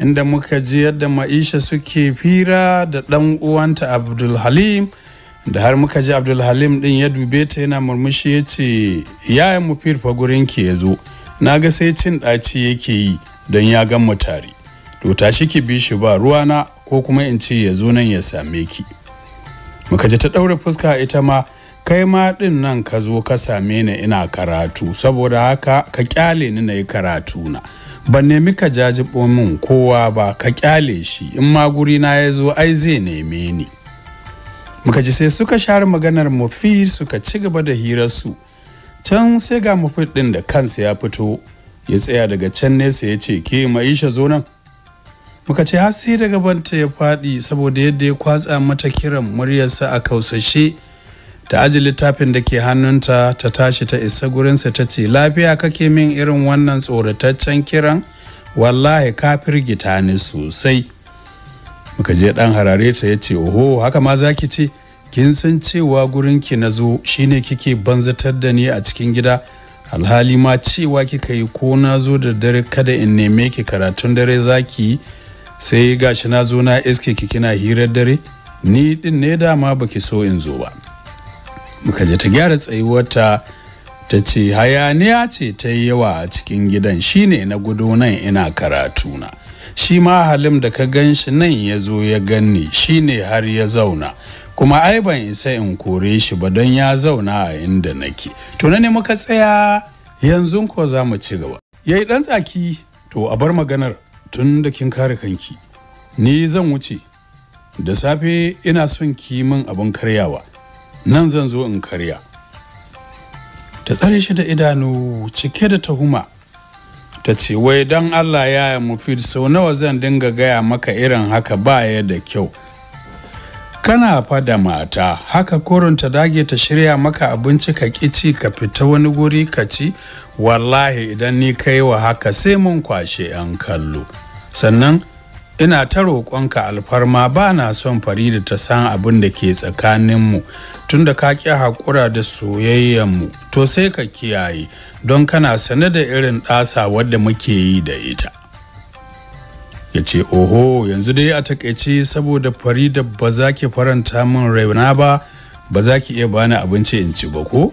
inda muka ji yadda ma'isha suke fira da ɗan uwanta abdulhalim da har muka ji abdulhalim ɗin ya dube ta yana murmushi ya ce yayan mu firfa gurin ki ya zo na ga sai cin ɗaci yake yi don ya gan mu tare to tashi ki bi shi ba ruwana ko kuma in ce ya zo nan ya same ki muka ji ta ɗaure fuska ita ma kai ma ɗin nan ka zo ka same ni ina karatu saboda haka ka kyale ni na yi karatu na ban nemi ka jajibo min kowa ba ka kyale shi in ma guri na ya zo ai zai neme ni muka ji sai suka share maganar mufi suka ci gaba da hirarsu can sai ga mufi ɗin da kansa ya fito ya tsaya daga can nesa ya ce ke maisha zo nan muka ce har sai daga banta ya faɗi saboda yadda ya kwatsa mata kiran muryarsa a kausashe ta aji littafin da ke hannunta ta tashi ta isa gurinsa ta ce lafiya kake min irin wannan tsorataccen kiran wallahi ka firgita ni sosai muka je dan harare ta yace oho haka ma zaki ce kin san cewa gurinki na zo shine kike banzatar da ni a cikin gida alhali ma cewa kika yi ko na zo da dare kada in neme ki karatun dare zaki sai gashi na zo na iske ki kina hirar dare ni din ne dama baki so in zo ba muka je ta gyara tsayuwarta ta ce hayaniya ce ta yi yawa a cikin gidan Shi ne na gudu nan ina karatu na shi ma halim da ka gan shi nan ya zo ya ganni ne har ya zauna kuma ai ban isa in kore shi ba don ya zauna a inda nake to na ne muka tsaya yanzu ko za mu ci gaba yayi ɗan tsaki to a bar maganar tun da kin kare kanki ni zan wuce da safe ina son ki min abin karyawa nan zan zo in karya ta tsare shi da idanu cike da tuhuma ta ce wai don allah ya yaya mufid sau nawa zan dinga gaya maka irin haka baya da kyau kana fada mata haka korin ta dage ta shirya maka abinci ka kici ka fita wani guri ka ci wallahi idan ni kai wa haka sai mun kwashe 'yan kallo sannan ina ta roƙonka alfarma ba na son farida ta san abin da ke tsakaninmu tun da ka ƙi haƙura da soyayyenmu to sai ka kiyaye don kana sane da irin ɗasa wadda muke yi da ita ya ce oho yanzu dai a takaice saboda farida ba za ki faranta min raina ba ba za ki iya bani abinci in ci ba ko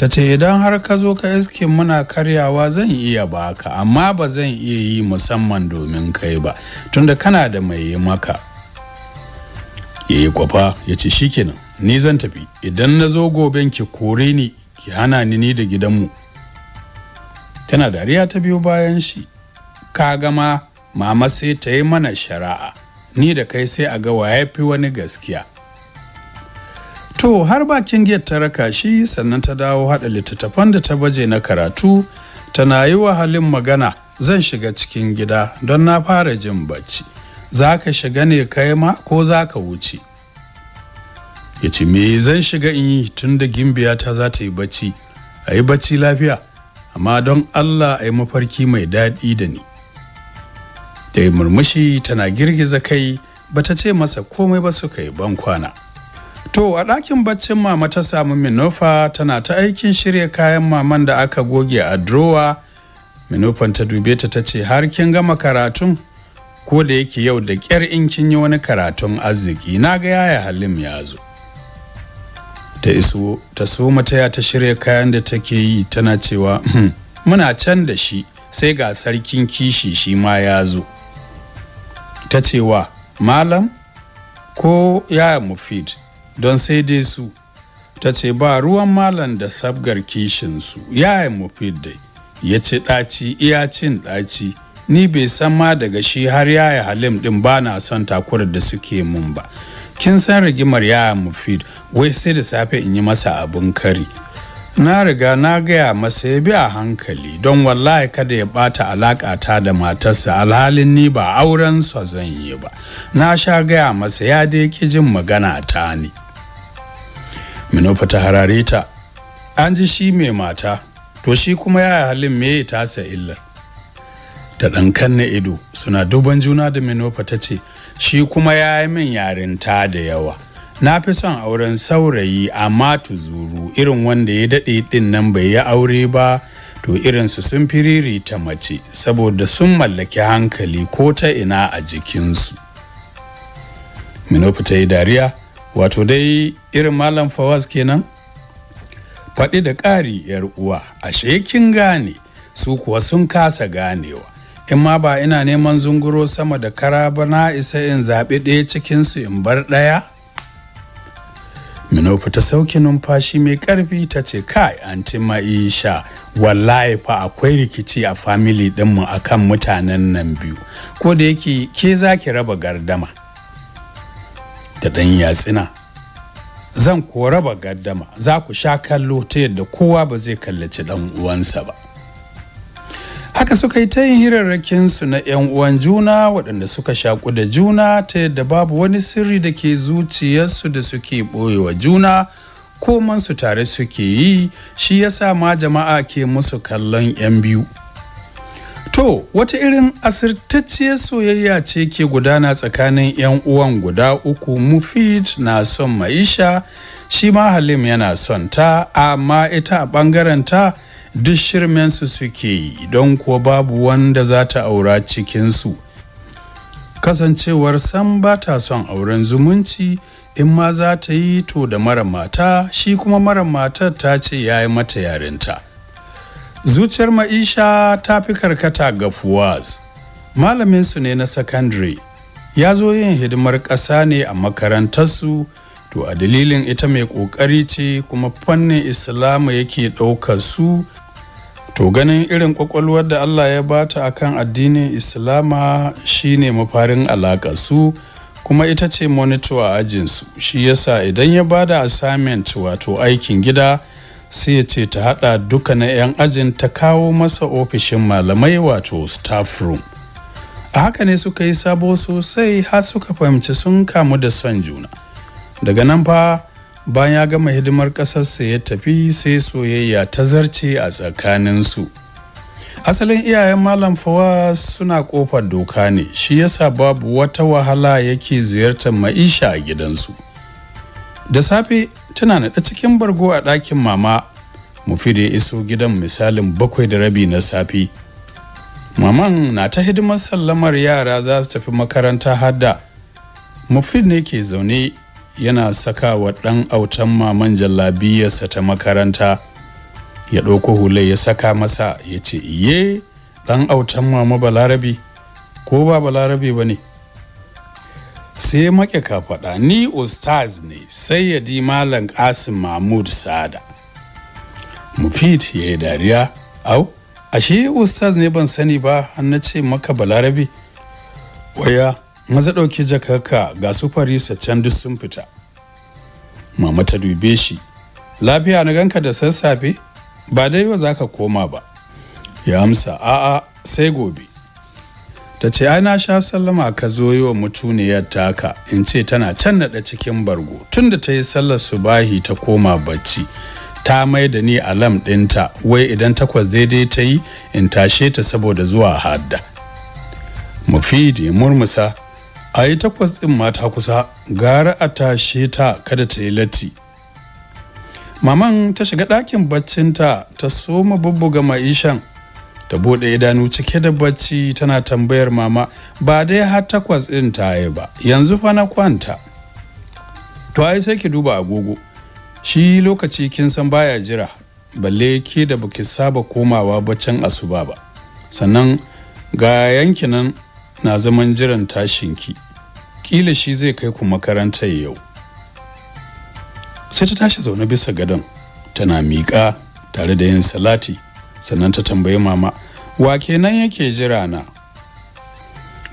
ta ce idan har ka zo ka iske muna karyawa zan iya baka amma ba zan iya yi musamman domin kai ba tunda kana da mai yi maka ya yi kwafa ya ce shikenan ni zan tafi idan na zo gobe ki kore ni ki hana ni ni da gidanmu tana dariya ta biyo bayan shi ka gama mama sai ta yi mana shari'a ni da kai sai a ga waye fi wani gaskiya To har bakin gate ta raka shi sannan ta dawo haɗa littattafan da ta baje na karatu tana yi wa halin magana zan shiga cikin gida don na fara jin bacci. Za ka shiga ne kai ma ko za ka wuce. Ya ce me zan shiga in yi tun da gimbiya ta za ta yi bacci, a yi bacci lafiya, amma don Allah a yi mafarki mai daɗi da ni. Ta yi murmushi tana girgiza kai bata ce masa komai ba suka yi ban kwana. To a ɗakin baccin mama ta samu Minofa tana ta aikin shirya kayan maman da aka goge a drowa. Minofan ta dube ta ta ce har kin gama karatun ko da yake yau da kyar in kin yi wani karatun arziki na ga yaya halin ya zo. Ta iso ta so mataya ta shirya kayan da take yi tana cewa hmm, muna can da shi sai ga sarkin kishi shi ma ya zo. Ta cewa malam ko yaya mufid don sai dai su ta ce ba ruwan malam da sabgar kishinsu yayin mufid dai ya ci ɗaci iya cin ɗaci ni bai san ma daga shi har yaya halim ɗin ba na son takurar da suke mun ba kin san rigimar yaya mufid wai sai da safe in yi masa abin kari na riga na gaya masa ya bi a hankali don wallahi kada ya bata alaƙa ta da matarsa alhalin ni ba auren sa zan yi ba na sha gaya masa ya dai ki jin magana ta ni minofa ta harare ta an ji shi mai mata to shi kuma yi halin me ta sa illar ta ɗankan na ido suna duban juna da minofa ta ce shi kuma ya yi min yarinta da yawa na fi son auren saurayi amma tuzuru irin wanda ya daɗe ɗin nan bai yi aure ba to irin su sun firiri ta mace saboda sun mallaki hankali ko ta ina a jikinsu minofa ta yi dariya wato dai irin malam fawaz kenan faɗi da ƙari yar uwa ashe kin gane su kuwa sun kasa ganewa in ma ba ina neman zunguro sama da kara ba na isa in zaɓi ɗaya cikinsu in bar ɗaya minofu ta sauki numfashi mai ƙarfi ta ce kai anti ma'isha wallahi fa akwai rikici a famili ɗinmu akan mutanen nan biyu ko da yake ke za ki raba gardama da ɗan yatsina zan kora ba gaddama za ku sha kallo ta yadda kowa ba zai kallaci ɗan uwansa ba haka suka yi ta yin hirarrakin su na 'yan uwan juna waɗanda suka shaƙu da juna ta yadda babu wani sirri da ke zuciyarsu da suke ɓoyewa juna komansu tare suke yi shi yasa ma jama'a ke musu kallon 'yan biyu To, wata irin asirtacciyar soyayya ce ke gudana tsakanin 'yan uwan guda uku Mufid na son Maisha, shi ma Halim yana son ta, amma ita a ɓangaren ta duk shirmensu suke yi don kuwa babu wanda za ta aura cikinsu. Kasancewar san ba ta son auren zumunci, in ma za ta yi to da mara mata, shi kuma mara matar ta ce ya yi mata yarinta. zuciyar ma'isha ta fi karkata ga fuwas malaminsu ne na sakandare ya zo yin hidimar ƙasa ne a makarantarsu to a dalilin ita mai ƙoƙari ce kuma fannin islamu yake ɗaukar su to ganin irin ƙwaƙwalwar da allah ya bata akan addinin islama shine mafarin alaƙa su kuma ita ce monitor a ajinsu shi yasa idan ya bada assignment wato aikin gida sai ya ce ta hada duka na 'yan ajin ta kawo masa ofishin malamai wato staff room a haka ne suka yi sabo sosai har suka fahimci sun kamu da son juna daga nan fa bayan ya gama hidimar ƙasarsa ya tafi sai soyayya ta zarce a tsakaninsu asalin iyayen malam fawa suna kofar doka ne shi yasa babu wata wahala yake ziyartar maisha a gidansu da safe tana naɗa cikin bargo a ɗakin mama mufi da ya iso gidan misalin bakwai da rabi na safi maman na ta hidimar sallamar yara za su tafi makaranta hadda mufid ne ke zaune yana saka wa ɗan autan maman jallabiyarsa ta makaranta ya ɗauko hulai ya saka masa ya ce iye ɗan autan mama balarabi ko ba Balarabi ba ne sai make ka faɗa ni ustaz ne sai ya di malam kasim mahmud sada mufid ya yi dariya au ashe ustaz ne ban sani ba an na ce maka balarabe waya maza ɗauki jakarka ga su farisa can duk sun fita mama ta dube shi lafiya na ganka da sassafe ba dai yau za ka koma ba ya amsa a'a sai gobe ta ce ai na sha sallama ka zo yi wa mutuniyar taka in ce tana can naɗa cikin bargo tun da ta yi sallar subahi ta koma bacci ta mai da ni alam ɗinta wai idan takwas daidai ta yi in tashe ta saboda zuwa hadda mufidi murmusa a yi takwas ɗin mata kusa gara a tashe ta kada ta yi latti maman ta shiga ɗakin baccinta ta soma bubbuga ma'ishan ta bude idanu cike da bacci tana tambayar mama ba dai har takwas ɗin ta yi ba yanzu fa na kwanta to ai sai ki duba agogo shi lokaci kin san baya jira balle ke da baki saba komawa baccin asuba ba sannan ga nan na zaman jiran tashinki kila shi zai kai ku makarantar yau sai ta tashi zaune bisa gadon tana miƙa tare da yin salati sannan ta tambayi mama wa kenan yake jira na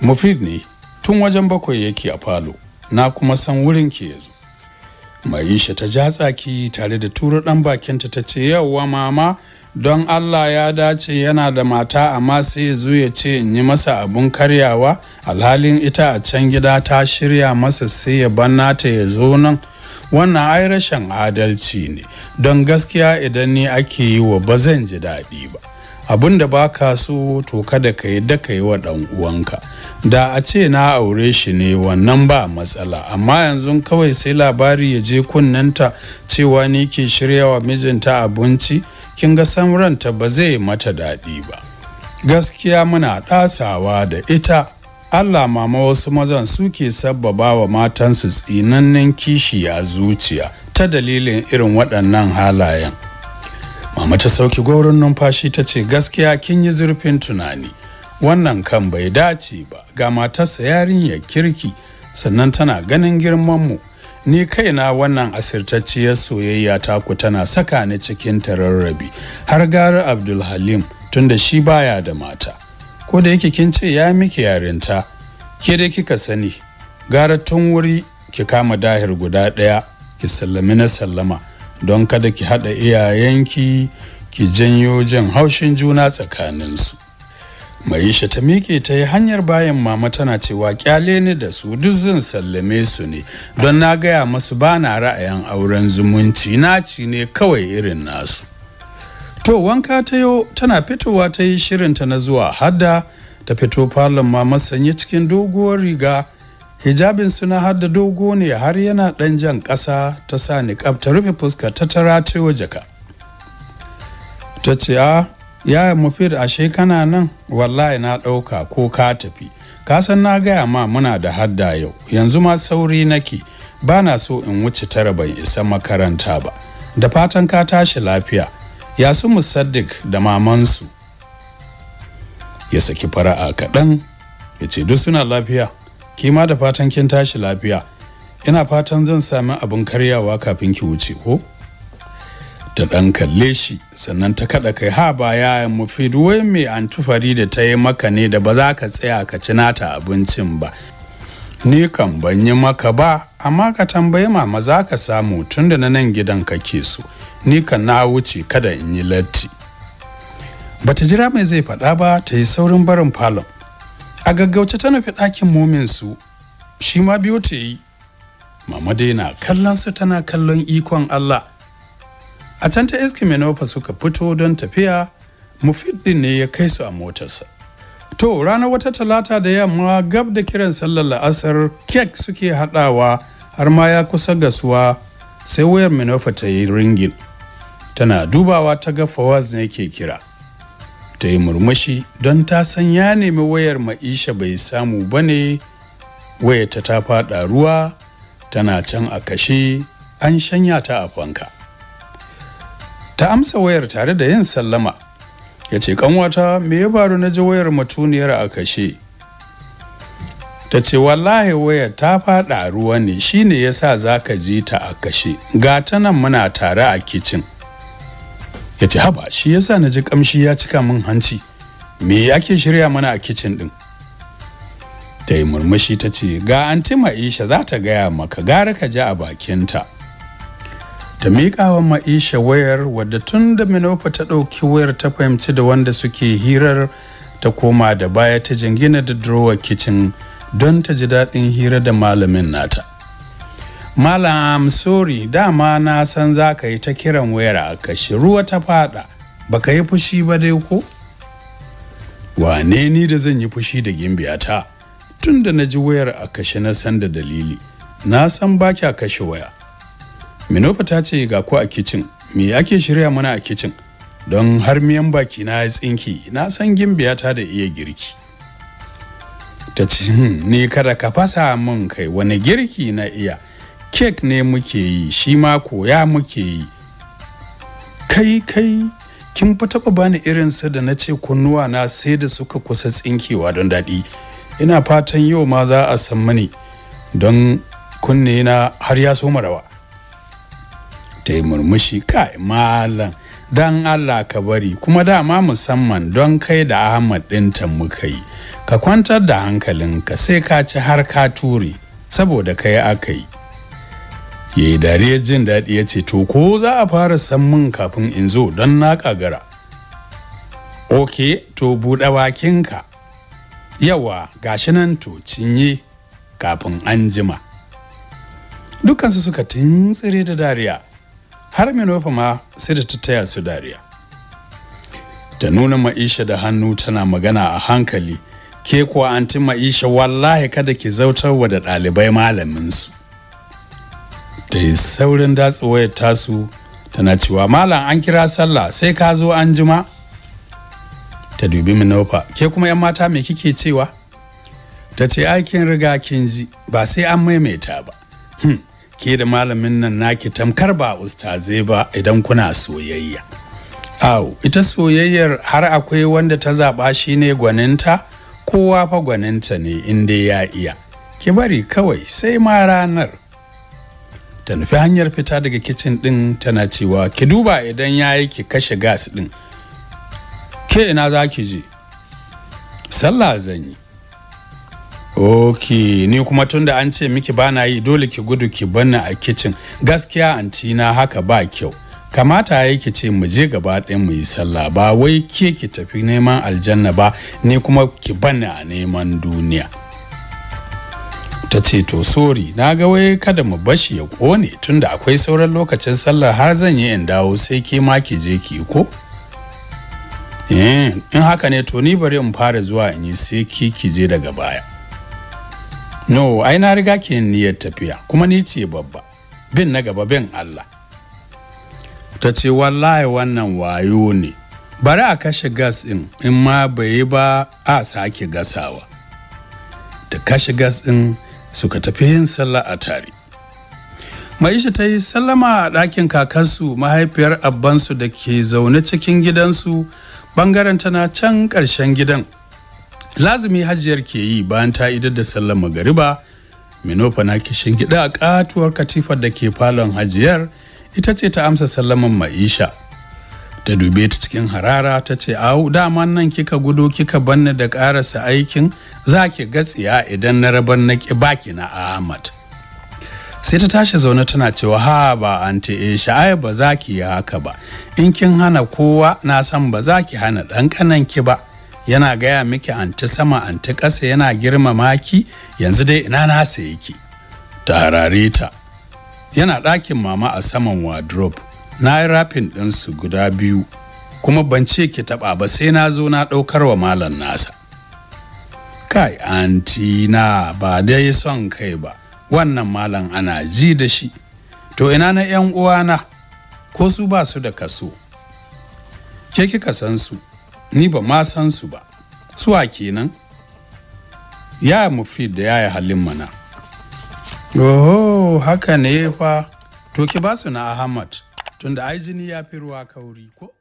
mufid ne tun wajen bakwai yake a falo na kuma san wurin ke yazo shi ta ja tsaki tare da tura dan bakinta ta ce yawwa mama don allah ya dace yana da mata amma sai ya zo ya ce in yi masa abun karyawa alhalin ita a can gida ta shirya masa sai ya banna ta ya zo nan wannan ai rashin adalci ne don gaskiya idan ni ake yi wa ba zan ji daɗi ba abin da ba ka so to kada ka yi da yi wa ɗan uwanka da a ce na aure shi ne wannan ba matsala amma yanzu kawai sai labari ya je kunnanta cewa ni ke shirya wa mijinta abinci kin ga samranta ba zai mata daɗi ba gaskiya muna ɗasawa da ita Allah mama wasu mazan suke sabbaba wa matansu tsinannen kishi a zuciya ta dalilin irin waɗannan halayen. Mama ta sauki gaurin numfashi ta ce gaskiya kin yi zurfin tunani wannan kan bai dace ba ga matarsa yarinyar kirki sannan tana ganin girmanmu ni kaina wannan asirtacciyar soyayya taku tana saka ni cikin tararrabi har gara Abdulhalim tunda shi baya da mata. ko da yake kin ce ya miki yarinta ke da kika sani gara tun wuri ki kama dahir guda ɗaya ki sallami na sallama don kada ki haɗa iyayenki ki janyo jin haushin juna tsakaninsu maisha ta miƙe ta yi hanyar bayan mama tana cewa kyale ni da su duk zan sallame su ne don na gaya masu ba na ra'ayin auren zumunci naci ne kawai irin nasu to wanka ta yau tana fitowa ta yi shirinta na zuwa hadda ta fito falon ma masanye cikin doguwar riga hijabin suna hadda dogo ne har yana ɗan jan ƙasa ta sa ni ta rufe fuska ta tara ta jaka ta ce a ya mufir ashe kana nan wallahi na ɗauka ko ka tafi ka san na gaya ma muna da hadda yau yanzu ma sauri nake ba na so in wuce tara ban isa makaranta ba da fatan ka tashi lafiya ya su musaddik da mamansu ya saki fara'a kaɗan ya ce duk suna lafiya kima da fatan kin tashi lafiya ina fatan zan sami abin karyawa kafin ki wuce ko ta ɗan kalle shi sannan ta kaɗa kai ha ba yayan mafi wai mai antufari da ta yi maka ne da ba za ka tsaya ka ci nata abincin ba ni kan ban yi maka ba amma ka tambayi mama za ka samu tunda na nan gidan kake so ni kan na wuce kada in yi latti bata jira mai zai faɗa ba ta yi saurin barin falon a gaggauce ta nufi ɗakin momin su shi ma biyo ta yi mama dai na kallon su tana kallon ikon Allah a can ta iski menofa suka fito don tafiya mufid din ne ya kai su a motarsa to ranar wata talata da yamma gab da kiran sallar la'asar kek suke haɗawa har ma ya kusa gasuwa sai wayar minofa ta yi ringin tana dubawa ta ga fawaz ne ke kira ta yi murmushi don ta san ya nemi wayar ma'isha bai samu ba ne wayarta ta faɗa ruwa tana can a kashe an shanya ta a fanka ta amsa wayar tare da yin sallama ya ce kanwata me ya faru na ji wayar matuniyar a kashe ta ce wallahi wayar ta faɗa ruwa ne shine sa za ka ji ta a kashe ga ta nan muna tare a kicin ya ce haba shi yasa na ji kamshi ya cika min hanci me yake shirya mana a kicin din ta yi murmushi ta ce ga anti ma'isha za ta gaya maka gara ka ji a bakinta ta miƙa wa ma'isha wayar wadda tun da minofa ta ɗauki wayar ta fahimci da wanda suke hirar ta koma da baya ta jingina da drawer kicin don ta ji daɗin hira da malamin nata malam sorry dama na san za ka yi ta kiran wayar a kashe ruwa ta fada ka yi fushi ba dai ko wane ni da zan yi fushi da gimbiyata tun da na ji wayar a kashe na san da dalili na san ba kya kashe waya minofa ta ce ga ku a kicin me ake shirya mana a kicin don har miyan baki na ya tsinki na san gimbiyata da iya girki ta ce hmm, ni kada ka fasa min kai wani girki na iya cake ne muke yi shi ma koya muke yi kai kai kin fi taɓa bani irinsa da na ce kunnuwa na sai da suka kusa tsinkewa don daɗi ina fatan yau ma za a san mani don kunne na har ya so rawa ta yi murmushi kai malam don allah ka bari kuma dama musamman don kai da ahmad ɗinta muka yi ka kwantar da hankalinka sai ka ci har ka ture saboda kai aka yi ya yi dariyar jin daɗi ya ce to ko za a fara san min kafin in zo don na kagara ok to buɗe bakinka yawa gashi nan to cinye kafin an jima dukansu suka tuntsire da dariya har minofa ma sai da ta taya su dariya ta nuna ma'isha da hannu tana magana a hankali ke kuwa an ti ma'isha wallahi kada ki zautarwa da ɗalibai malaminsu ta yi saurin datsa wayar tasu tana cewa malam an kira sallah sai ka zo an jima ta dubi minofa ke kuma yan mata mai kike cewa ta ce aikin riga kin ji ba sai an maimaita ba hmm, ke da malamin nan naki tamkar ba ustazai ba idan kuna soyayya aw ita soyayyar har akwai wanda ta zaɓa shi ne gwaninta kowa fa gwaninta ne inda ya iya ki bari kawai sai ma ranar ta nufi hanyar fita daga kicin ɗin tana cewa ki duba idan ya yi ki kashe gas ɗin ke ina za ki je sallah zan yi ok ni kuma tun da an ce miki bana yi dole ki gudu ki banna a kicin gaskiya na haka ba kyau kamata ya ki ce mu je gaba ɗin mu yi sallah ba wai ke ki tafi neman aljanna ba ni kuma ki banna a neman duniya ta ce to sori na ga wai kada mu bashi ya kone tunda akwai sauran lokacin sallah har zan yi in dawo sai ke ma ki je ki ko eh, in haka ne to ni bari in fara zuwa in yi sai ki ki je daga baya no ai na riga ki niyyar tafiya kuma ni ce babba bin na gaba bin Allah ta ce wallahi wannan wayo ne bari a kashe gas din in ma bai yi ba a sake gasawa da kashe gas din suka tafi yin sallah a tare maisha ta yi sallama a ɗakin kakansu mahaifiyar abbansu da ke zaune cikin gidansu bangaren tana can ƙarshen gidan lazumi hajiyar ke yi bayan ta idar da sallar magariba minofa na kishin gida a katuwar katifar da ke falon hajiyar ita ce ta amsa sallaman maisha ta dube ta cikin harara ta ce au dama nan kika gudu kika banne da karasa aikin za ki gatsiya idan na rabar na ki baki na ahmad sai ta tashi zaune tana cewa ha ba anti e sha'ai ba za ki yi haka ba in kin hana kowa na san ba za ki hana ɗan kanan ki ba yana gaya miki anti sama anti ƙasa yana girmama ki yanzu dai ina na sayi ki ta harare ta yana ɗakin mama a saman wardrobe na yi rafin ɗinsu guda biyu kuma ban ce ki taɓa ba sai na zo na ɗaukar wa malam nasa kai anti na ba dai son kai ba wannan malam ana ji da shi to ina na yan uwana ko su ba su da kaso ke kika san su ni ba ma san su ba suwa kenan Ya mufid da ya yi halin mana Oh, haka ne fa to ki ba su na ahmad tunda ai ya fi ruwa kauri ko